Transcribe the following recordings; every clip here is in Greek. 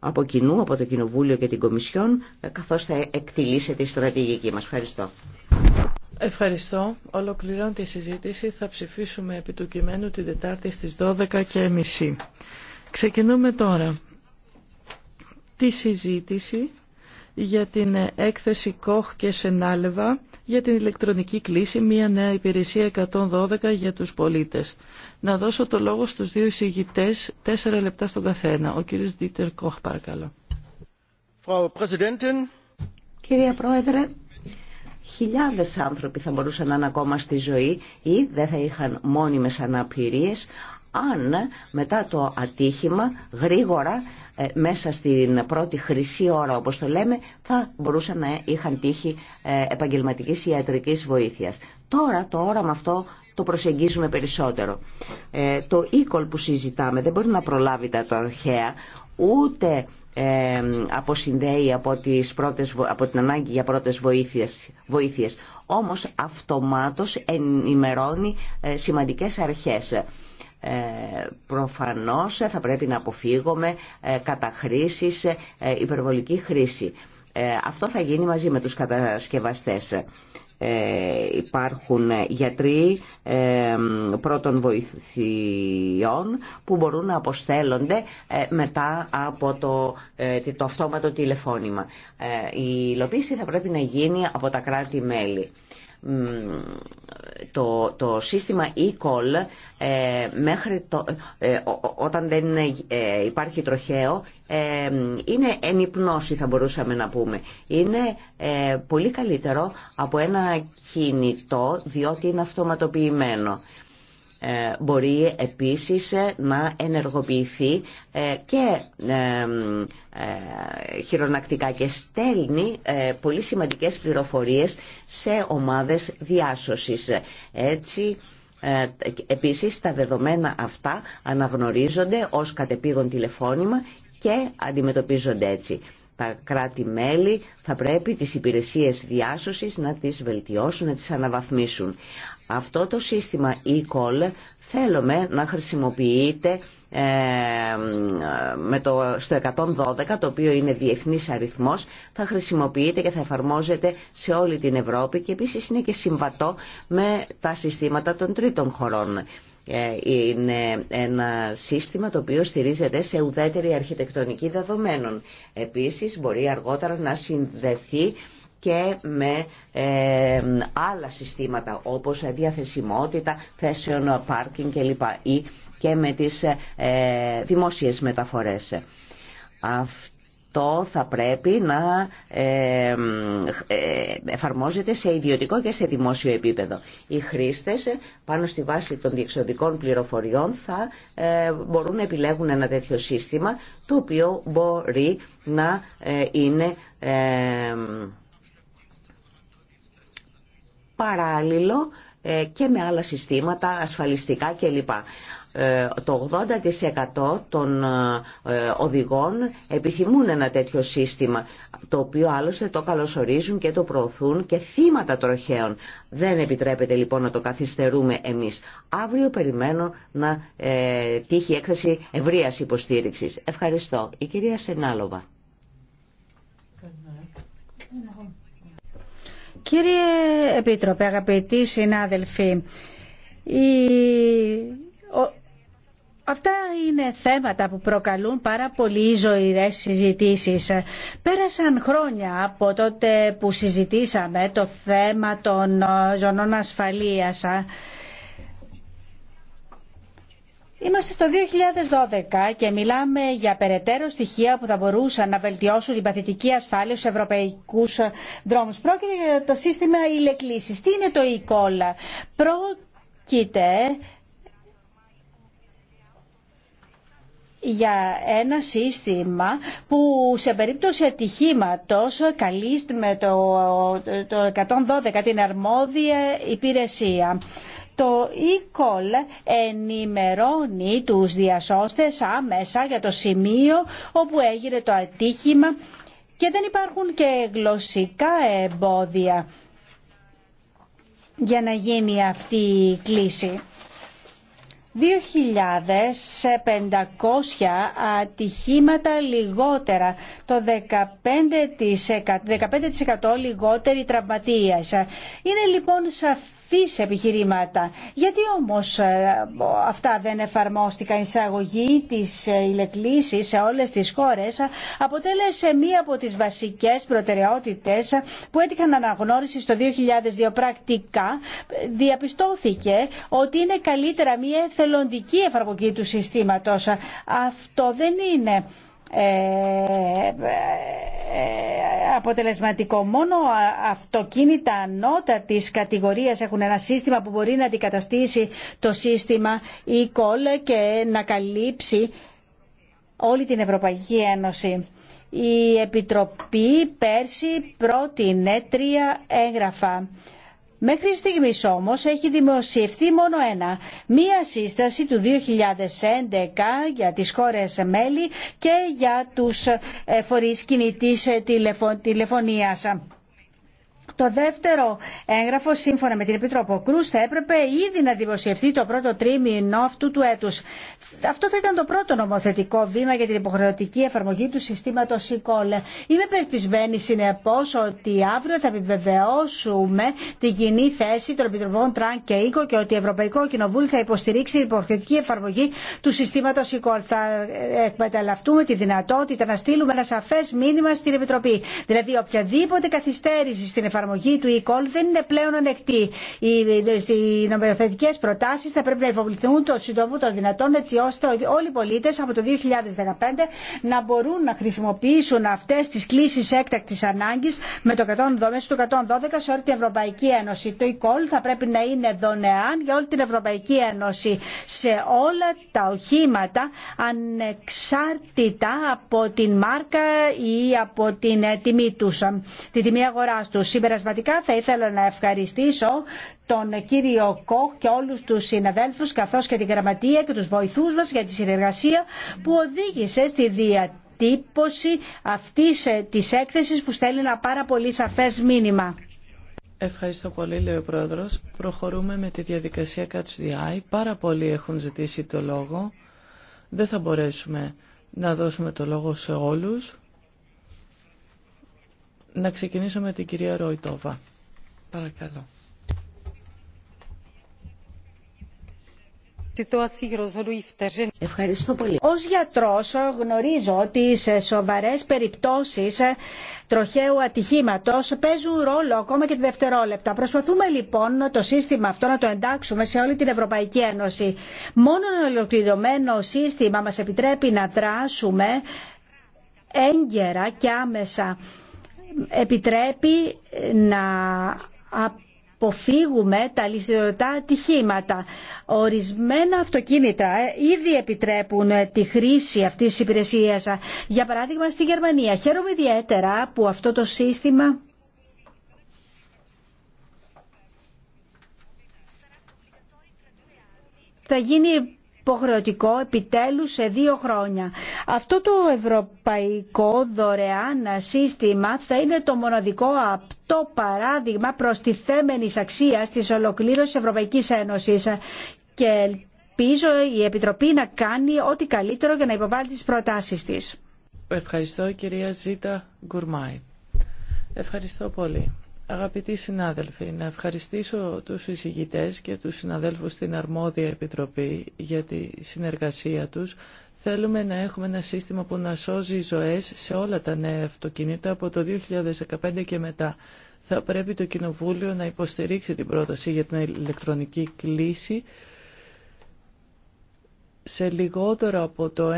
από κοινού, από το Κοινοβούλιο και την Κομισιόν, ε, καθώς θα εκτιλήσετε η στρατηγική μας. Ευχαριστώ. Ευχαριστώ. Ολοκληρώνω τη συζήτηση. Θα ψηφίσουμε επί του κειμένου την Δετάρτη στις 12.30. Ξεκινούμε τώρα τη συζήτηση για την έκθεση Κόχ και Σενάλεβα για την ηλεκτρονική κλίση, μια νέα υπηρεσία 112 για τους πολίτες. Να δώσω το λόγο στους δύο εισηγητές, τέσσερα λεπτά στον καθένα. Ο κύριος Δίτερ Κόχ, παρακαλώ. Κυρία Πρόεδρε, χιλιάδες άνθρωποι θα μπορούσαν να είναι ακόμα στη ζωή ή δεν θα είχαν μόνιμες αναπηρίες αν μετά το ατύχημα γρήγορα ε, μέσα στην πρώτη χρυσή ώρα όπως το λέμε θα μπορούσαν να είχαν τύχει ε, επαγγελματικής ιατρικής βοήθειας. Τώρα το όραμα αυτό το προσεγγίζουμε περισσότερο. Ε, το οίκολ που συζητάμε δεν μπορεί να προλάβει τα αρχαία ούτε αποσυνδέει από, τις πρώτες, από την ανάγκη για πρώτες βοήθειες, βοήθειες. Όμως αυτομάτως ενημερώνει σημαντικές αρχές. Ε, προφανώς ε, θα πρέπει να αποφύγουμε ε, καταχρήσεις, υπερβολική χρήση. Αυτό θα γίνει μαζί με τους κατασκευαστές. Ε, υπάρχουν γιατροί ε, πρώτων βοηθειών που μπορούν να αποστέλλονται μετά από το, το αυτόματο τηλεφώνημα. Η υλοποίηση θα πρέπει να γίνει από τα κράτη-μέλη το, σύστημα e-call ε, μέχρι ε, όταν δεν ε, υπάρχει τροχαίο είναι ενυπνώση θα μπορούσαμε να πούμε. Είναι πολύ καλύτερο από ένα κινητό διότι είναι αυτοματοποιημένο. Ε, μπορεί επίσης ε, να ενεργοποιηθεί ε, και χειρονακτικά και στέλνει πολύ σημαντικές πληροφορίες σε ομάδες διάσωσης. Έτσι, επίσης τα δεδομένα αυτά αναγνωρίζονται ως κατεπήγον τηλεφώνημα και αντιμετωπίζονται έτσι. Τα κράτη-μέλη θα πρέπει τις υπηρεσίες διάσωσης να τις βελτιώσουν, να τις αναβαθμίσουν. Αυτό το σύστημα e-call θέλουμε να χρησιμοποιείται ε, με το, στο 112, το οποίο είναι διεθνής αριθμός, θα χρησιμοποιείται και θα εφαρμόζεται σε όλη την Ευρώπη και επίσης είναι και συμβατό με τα συστήματα των τρίτων χωρών. Ε, είναι ένα σύστημα το οποίο στηρίζεται σε ουδέτερη αρχιτεκτονική δεδομένων. Επίσης μπορεί αργότερα να συνδεθεί και με ε, άλλα συστήματα όπως διαθεσιμότητα, θέσεων, πάρκινγκ κλπ. ή και με τις ε, δημόσιες μεταφορές. Αυτό το θα πρέπει να ε, ε, εφαρμόζεται σε ιδιωτικό και σε δημόσιο επίπεδο. Οι χρήστες ε, πάνω στη βάση των διεξοδικών πληροφοριών θα μπορούν να επιλέγουν ένα τέτοιο σύστημα το οποίο μπορεί να είναι παράλληλο ε, και με άλλα συστήματα ασφαλιστικά κλπ. Ε, το 80% των ε, οδηγών επιθυμούν ένα τέτοιο σύστημα, το οποίο άλλωστε το καλωσορίζουν και το προωθούν και θύματα τροχαίων. Δεν επιτρέπεται λοιπόν να το καθυστερούμε εμείς. Αύριο περιμένω να τύχει έκθεση ευρείας υποστήριξης. Ευχαριστώ. Η κυρία Σενάλοβα. Κύριε Επίτροπε, αγαπητοί συνάδελφοι, Αυτά είναι θέματα που προκαλούν πάρα πολύ ζωηρές συζητήσεις. Πέρασαν χρόνια από τότε που συζητήσαμε το θέμα των ε, ζωνών ασφαλείας Είμαστε στο 2012 και μιλάμε για περαιτέρω στοιχεία που θα μπορούσαν να βελτιώσουν την παθητική ασφάλεια στου ευρωπαϊκού ε, δρόμου. Πρόκειται για το σύστημα ηλεκλήσης. Τι είναι το e-call. Πρόκειται για ένα σύστημα που σε περίπτωση ατυχήματος καλύπτει με το, το 112 την αρμόδια υπηρεσία. Το e-call ενημερώνει τους διασώστες άμεσα για το σημείο όπου έγινε το ατύχημα και δεν υπάρχουν και γλωσσικά εμπόδια για να γίνει αυτή η κλίση. 2.500 ατυχήματα λιγότερα, το 15%, 15 λιγότερη τραυματίας. Είναι λοιπόν σαφή σαφείς επιχειρήματα. Γιατί όμως ε, αυτά δεν εφαρμόστηκαν. Η εισαγωγή της ε, ηλεκλήσης σε όλες τις χώρες ε, αποτέλεσε μία από τις βασικές προτεραιότητες που έτυχαν αναγνώριση στο 2002 πρακτικά. Διαπιστώθηκε ότι είναι καλύτερα μία θελοντική εφαρμογή του συστήματος. Αυτό δεν είναι ε, ε, αποτελεσματικό. Μόνο αυτοκίνητα ανώτατης κατηγορίας έχουν ένα σύστημα που μπορεί να αντικαταστήσει το σύστημα e-call και να καλύψει όλη την Ευρωπαϊκή Ένωση. Η Επιτροπή πέρσι πρότεινε τρία έγγραφα Μέχρι στιγμής όμως έχει δημοσιευθεί μόνο ένα, μία σύσταση του 2011 για τις χώρες μέλη και για τους ε, φορείς κινητής ε, τηλεφωνίας. Το δεύτερο έγγραφο, σύμφωνα με την Επιτρόπο Κρούς, θα έπρεπε ήδη να δημοσιευθεί το πρώτο τρίμηνο αυτού του έτους. Αυτό θα ήταν το πρώτο νομοθετικό βήμα για την υποχρεωτική εφαρμογή του συστήματος e-call. Είμαι πεπισμένη συνεπώς ότι αύριο θα επιβεβαιώσουμε την κοινή θέση των Επιτροπών Τραν και Ίκο και ότι η Ευρωπαϊκό Κοινοβούλιο θα υποστηρίξει την υποχρεωτική εφαρμογή του συστήματος Θα εκμεταλλευτούμε τη δυνατότητα να στείλουμε ένα σαφές μήνυμα στην Επιτροπή. Δηλαδή οποιαδήποτε καθυστέρηση στην εφαρμογή εφαρμογή του e-call δεν είναι πλέον ανεκτή. Οι νομοθετικέ προτάσει θα πρέπει να υποβληθούν το σύντομο των δυνατών έτσι ώστε όλοι οι πολίτε από το 2015 να μπορούν να χρησιμοποιήσουν αυτέ τι κλήσει έκτακτη ανάγκη με το 112 του 112 σε όλη την Ευρωπαϊκή Ένωση. Το e-call θα πρέπει να είναι δωρεάν για όλη την Ευρωπαϊκή Ένωση σε όλα τα οχήματα ανεξάρτητα από την μάρκα ή από την τιμή τους, τη τιμή αγοράς του. Σήμερα Συμπερασματικά θα ήθελα να ευχαριστήσω τον κύριο Κοχ και όλους τους συναδέλφους καθώς και τη γραμματεία και τους βοηθούς μας για τη συνεργασία που οδήγησε στη διατύπωση αυτής ε, της έκθεσης που στέλνει ένα πάρα πολύ σαφές μήνυμα. Ευχαριστώ πολύ, λέει ο Πρόεδρος. Προχωρούμε με τη διαδικασία Catch Πάρα πολλοί έχουν ζητήσει το λόγο. Δεν θα μπορέσουμε να δώσουμε το λόγο σε όλους. Να ξεκινήσω με την κυρία Ροϊτόβα. Παρακαλώ. Ευχαριστώ πολύ. Ως γιατρός γνωρίζω ότι σε σοβαρές περιπτώσεις τροχαίου ατυχήματος παίζουν ρόλο ακόμα και τη δευτερόλεπτα. Προσπαθούμε λοιπόν το σύστημα αυτό να το εντάξουμε σε όλη την Ευρωπαϊκή Ένωση. Μόνο ένα ολοκληρωμένο σύστημα μας επιτρέπει να δράσουμε έγκαιρα και άμεσα επιτρέπει να αποφύγουμε τα λησιωτά ατυχήματα. Ορισμένα αυτοκίνητα ήδη επιτρέπουν τη χρήση αυτής της υπηρεσίας. Για παράδειγμα στη Γερμανία. Χαίρομαι ιδιαίτερα που αυτό το σύστημα θα γίνει υποχρεωτικό επιτέλους σε δύο χρόνια. Αυτό το ευρωπαϊκό δωρεάν σύστημα θα είναι το μοναδικό απτό παράδειγμα τη θέμενης αξίας της ολοκλήρωσης Ευρωπαϊκής Ένωσης και ελπίζω η Επιτροπή να κάνει ό,τι καλύτερο για να υποβάλει τις προτάσεις της. Ευχαριστώ κυρία Ζήτα Γκουρμάη. Ευχαριστώ πολύ. Αγαπητοί συνάδελφοι, να ευχαριστήσω τους εισηγητές και τους συναδέλφους στην Αρμόδια Επιτροπή για τη συνεργασία τους. Θέλουμε να έχουμε ένα σύστημα που να σώζει ζωές σε όλα τα νέα αυτοκινήτα από το 2015 και μετά. Θα πρέπει το Κοινοβούλιο να υποστηρίξει την πρόταση για την ηλεκτρονική κλίση σε λιγότερο από το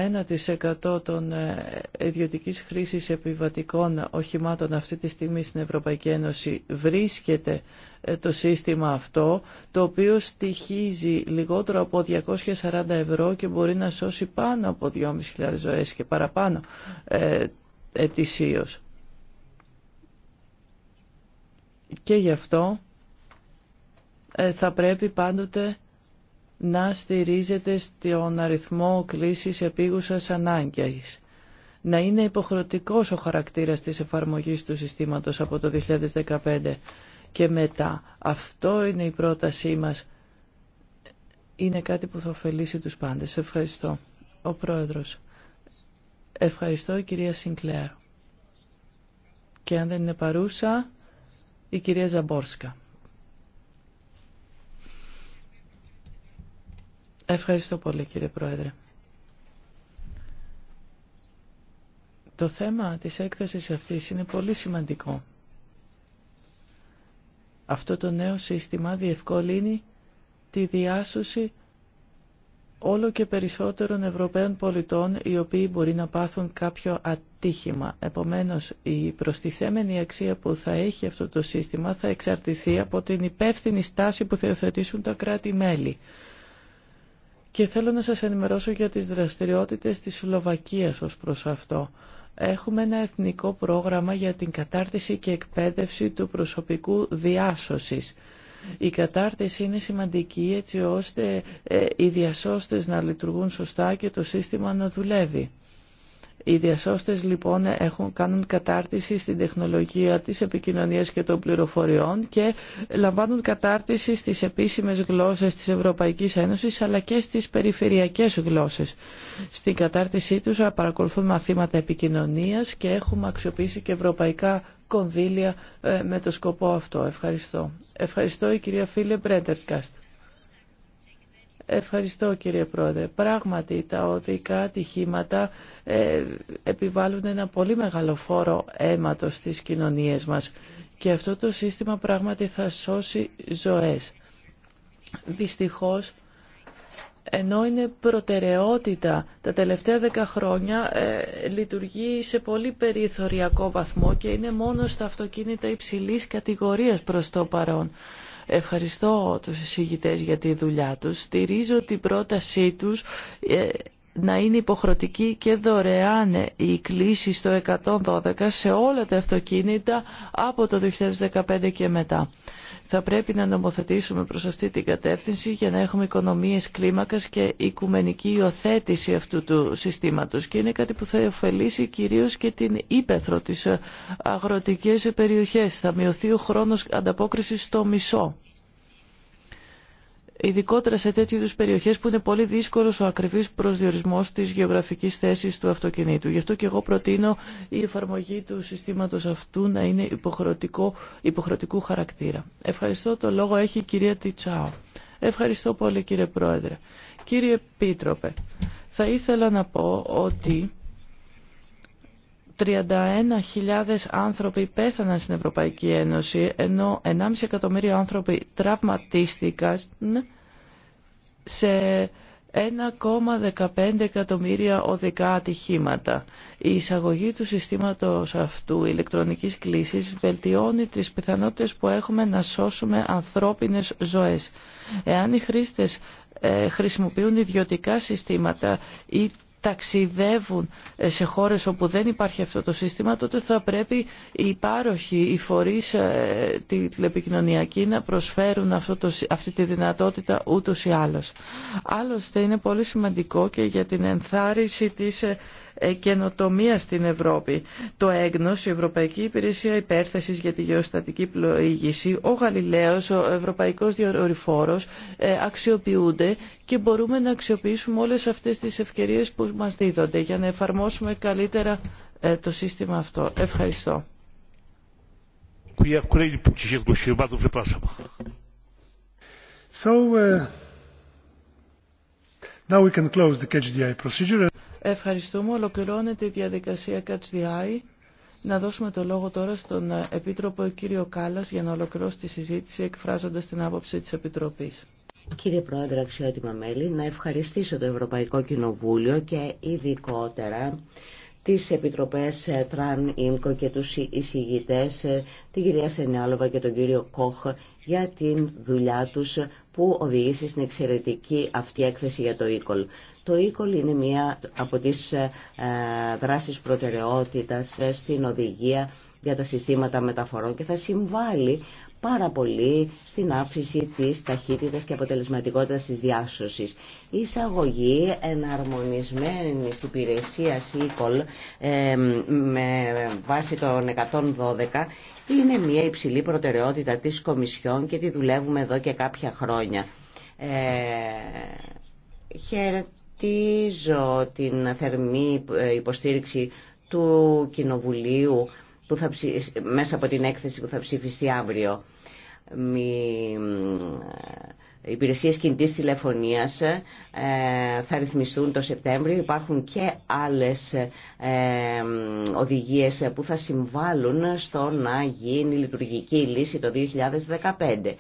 1% των ε, ιδιωτικής χρήσης επιβατικών οχημάτων αυτή τη στιγμή στην Ευρωπαϊκή Ένωση βρίσκεται ε, το σύστημα αυτό, το οποίο στοιχίζει λιγότερο από 240 ευρώ και μπορεί να σώσει πάνω από 2.500 ζωές και παραπάνω ε, ετησίως. Και γι' αυτό ε, θα πρέπει πάντοτε να στηρίζεται στον αριθμό κλήσης επίγουσας ανάγκης. Να είναι υποχρεωτικός ο χαρακτήρας της εφαρμογής του συστήματος από το 2015 και μετά. Αυτό είναι η πρότασή μας. Είναι κάτι που θα ωφελήσει τους πάντες. Ευχαριστώ. Ο Πρόεδρος. Ευχαριστώ, η κυρία Σινκλέρ. Και αν δεν είναι παρούσα, η κυρία Ζαμπόρσκα. Ευχαριστώ πολύ κύριε Πρόεδρε. Το θέμα της έκθεσης αυτής είναι πολύ σημαντικό. Αυτό το νέο σύστημα διευκολύνει τη διάσωση όλο και περισσότερων Ευρωπαίων πολιτών οι οποίοι μπορεί να πάθουν κάποιο ατύχημα. Επομένως, η προστιθέμενη αξία που θα έχει αυτό το σύστημα θα εξαρτηθεί από την υπεύθυνη στάση που θα υιοθετήσουν τα κράτη-μέλη. Και θέλω να σας ενημερώσω για τις δραστηριότητες της Σλοβακίας ως προς αυτό. Έχουμε ένα εθνικό πρόγραμμα για την κατάρτιση και εκπαίδευση του προσωπικού διάσωσης. Η κατάρτιση είναι σημαντική έτσι ώστε ε, οι διασώστες να λειτουργούν σωστά και το σύστημα να δουλεύει. Οι διασώστες λοιπόν έχουν, κάνουν κατάρτιση στην τεχνολογία της επικοινωνίας και των πληροφοριών και λαμβάνουν κατάρτιση στις επίσημες γλώσσες της Ευρωπαϊκής Ένωσης αλλά και στις περιφερειακές γλώσσες. Στην κατάρτισή τους παρακολουθούν μαθήματα επικοινωνίας και έχουμε αξιοποιήσει και ευρωπαϊκά κονδύλια ε, με το σκοπό αυτό. Ευχαριστώ. Ευχαριστώ η κυρία Φίλε Μπρέντερκαστ. Ευχαριστώ κύριε Πρόεδρε. Πράγματι τα οδικά ατυχήματα ε, επιβάλλουν ένα πολύ μεγάλο φόρο αίματος στις κοινωνίες μας και αυτό το σύστημα πράγματι θα σώσει ζωές. Δυστυχώς ενώ είναι προτεραιότητα τα τελευταία δέκα χρόνια ε, λειτουργεί σε πολύ περιθωριακό βαθμό και είναι μόνο στα αυτοκίνητα υψηλής κατηγορίας προς το παρόν. Ευχαριστώ τους εισηγητές για τη δουλειά τους. Στηρίζω την πρότασή τους ε, να είναι υποχρεωτική και δωρεάν η κλίση στο 112 σε όλα τα αυτοκίνητα από το 2015 και μετά. Θα πρέπει να νομοθετήσουμε προς αυτή την κατεύθυνση για να έχουμε οικονομίες κλίμακας και οικουμενική υιοθέτηση αυτού του συστήματος. Και είναι κάτι που θα ωφελήσει κυρίως και την ύπεθρο, της αγροτικές περιοχές. Θα μειωθεί ο χρόνος ανταπόκρισης στο μισό ειδικότερα σε τέτοιου είδου περιοχές που είναι πολύ δύσκολο ο ακριβής προσδιορισμός της γεωγραφική θέσης του αυτοκινήτου. Γι' αυτό και εγώ προτείνω η εφαρμογή του συστήματος αυτού να είναι υποχρεωτικού χαρακτήρα. Ευχαριστώ. Το λόγο έχει η κυρία Τιτσάο. Ευχαριστώ πολύ κύριε Πρόεδρε. Κύριε Πίτροπε, θα ήθελα να πω ότι 31.000 άνθρωποι πέθαναν στην Ευρωπαϊκή Ένωση, ενώ 1,5 εκατομμύριο άνθρωποι τραυματίστηκαν σε 1,15 εκατομμύρια οδικά ατυχήματα. Η εισαγωγή του συστήματος αυτού ηλεκτρονικής κλήσης βελτιώνει τις πιθανότητες που έχουμε να σώσουμε ανθρώπινες ζωές. Εάν οι χρήστες ε, χρησιμοποιούν ιδιωτικά συστήματα ή ταξιδεύουν σε χώρες όπου δεν υπάρχει αυτό το σύστημα, τότε θα πρέπει οι υπάροχοι, οι φορείς ε, τηλεπικοινωνιακοί να προσφέρουν αυτό αυτή τη δυνατότητα ούτως ή άλλως. Άλλωστε είναι πολύ σημαντικό και για την ενθάρρυνση της ε, καινοτομία στην Ευρώπη. Το έγνος, η Ευρωπαϊκή Υπηρεσία Υπέρθεσης για τη Γεωστατική Πλοήγηση, ο Γαλιλαίος, ο Ευρωπαϊκός Διορυφόρος ε, αξιοποιούνται και μπορούμε να αξιοποιήσουμε όλες αυτές τις ευκαιρίες που μας δίδονται για να εφαρμόσουμε καλύτερα ε, το σύστημα αυτό. Ευχαριστώ. So, uh, now we can Ευχαριστούμε. Ολοκληρώνεται η διαδικασία Catch Να δώσουμε το λόγο τώρα στον ε, Επίτροπο κύριο Κάλλας για να ολοκληρώσει τη συζήτηση εκφράζοντας την άποψη της Επιτροπής. Κύριε Πρόεδρε, αξιότιμα μέλη, να ευχαριστήσω το Ευρωπαϊκό Κοινοβούλιο και ειδικότερα τις Επιτροπές ε, Τραν Ίμκο και τους εισηγητές, ε, την κυρία Σενιάλοβα και τον κύριο Κόχ, για την δουλειά τους που οδηγήσει στην εξαιρετική αυτή έκθεση για το ECOL. Το ECOL είναι μία από τις ε, ε, δράσεις προτεραιότητας ε, στην οδηγία για τα συστήματα μεταφορών και θα συμβάλλει πάρα πολύ στην αύξηση της ταχύτητας και αποτελεσματικότητας της διάσωσης. Η εισαγωγή υπηρεσία υπηρεσίας ECOL με βάση των 112 είναι μια υψηλή προτεραιότητα της Κομισιόν και τη δουλεύουμε εδώ και κάποια χρόνια. Ε, χαιρετίζω την θερμή ε, υποστήριξη του Κοινοβουλίου που θα μέσα από την έκθεση που θα ψηφιστεί αύριο. Οι ε, υπηρεσίες κινητής τηλεφωνίας ε, θα ρυθμιστούν το Σεπτέμβριο. Υπάρχουν και άλλες ε, οδηγίες που θα συμβάλλουν στο να γίνει λειτουργική λύση το 2015.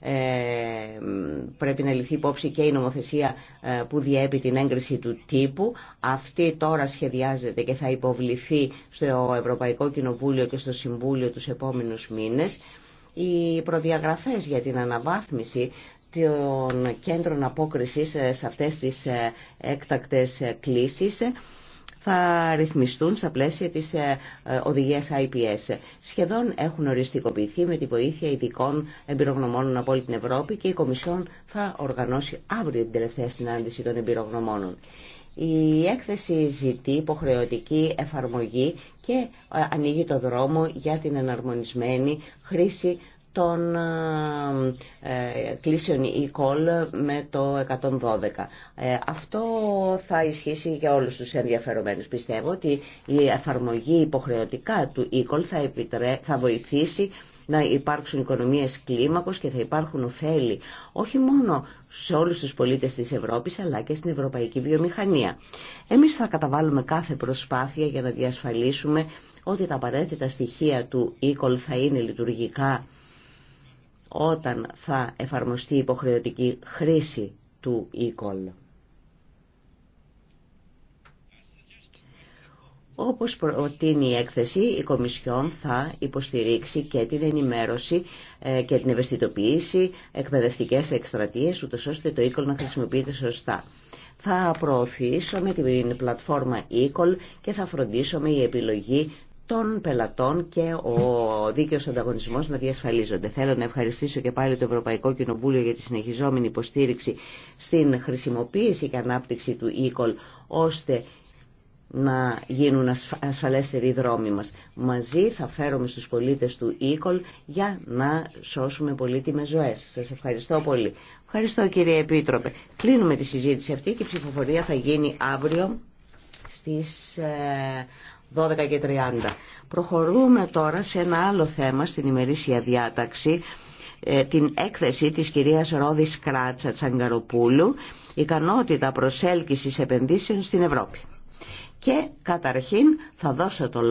Ε, πρέπει να ληφθεί υπόψη και η νομοθεσία ε, που διέπει την έγκριση του τύπου. Αυτή τώρα σχεδιάζεται και θα υποβληθεί στο Ευρωπαϊκό Κοινοβούλιο και στο Συμβούλιο τους επόμενους μήνες. Οι προδιαγραφές για την αναβάθμιση των κέντρων απόκρισης ε, σε αυτές τις έκτακτες κλήσεις θα ρυθμιστούν στα πλαίσια της ε, ε, οδηγίας IPS. Σχεδόν έχουν οριστικοποιηθεί με τη βοήθεια ειδικών εμπειρογνωμόνων από όλη την Ευρώπη και η Κομισιόν θα οργανώσει αύριο την τελευταία συνάντηση των εμπειρογνωμόνων. Η έκθεση ζητεί υποχρεωτική εφαρμογή και ε, ανοίγει το δρόμο για την εναρμονισμένη χρήση των ε, ε, κλήσεων e-call με το 112. Ε, αυτό θα ισχύσει για όλους τους ενδιαφερομένους. Πιστεύω ότι η εφαρμογή υποχρεωτικά του e-call θα, επιτρέ... θα βοηθήσει να υπάρξουν οικονομίες κλίμακος και θα υπάρχουν ωφέλη όχι μόνο σε όλους τους πολίτες της Ευρώπης αλλά και στην ευρωπαϊκή βιομηχανία. Εμείς θα καταβάλουμε κάθε προσπάθεια για να διασφαλίσουμε ότι τα απαραίτητα στοιχεία του e-call θα είναι λειτουργικά όταν θα εφαρμοστεί η υποχρεωτική χρήση του e-call. Όπως προτείνει η έκθεση, η Κομισιόν θα υποστηρίξει και την ενημέρωση ε, και την ευαισθητοποίηση εκπαιδευτικές εκστρατείες, ούτως ώστε το e-call να χρησιμοποιείται σωστά. Θα προωθήσω την πλατφόρμα e-call και θα φροντίσουμε η επιλογή των πελατών και ο δίκαιος ανταγωνισμός να διασφαλίζονται. Θέλω να ευχαριστήσω και πάλι το Ευρωπαϊκό Κοινοβούλιο για τη συνεχιζόμενη υποστήριξη στην χρησιμοποίηση και ανάπτυξη του e ώστε να γίνουν ασφαλέστεροι οι δρόμοι μας. Μαζί θα φέρουμε στους πολίτες του e για να σώσουμε πολύτιμες ζωές. Σας ευχαριστώ πολύ. Ευχαριστώ κύριε Επίτροπε. Κλείνουμε τη συζήτηση αυτή και η ψηφοφορία θα γίνει αύριο στις ε, 12 και 30. Προχωρούμε τώρα σε ένα άλλο θέμα στην ημερήσια διάταξη, ε, την έκθεση της κυρίας Ρόδης Κράτσα Τσαγκαροπούλου, ικανότητα προσέλκυσης επενδύσεων στην Ευρώπη. Και καταρχήν θα δώσω το λόγο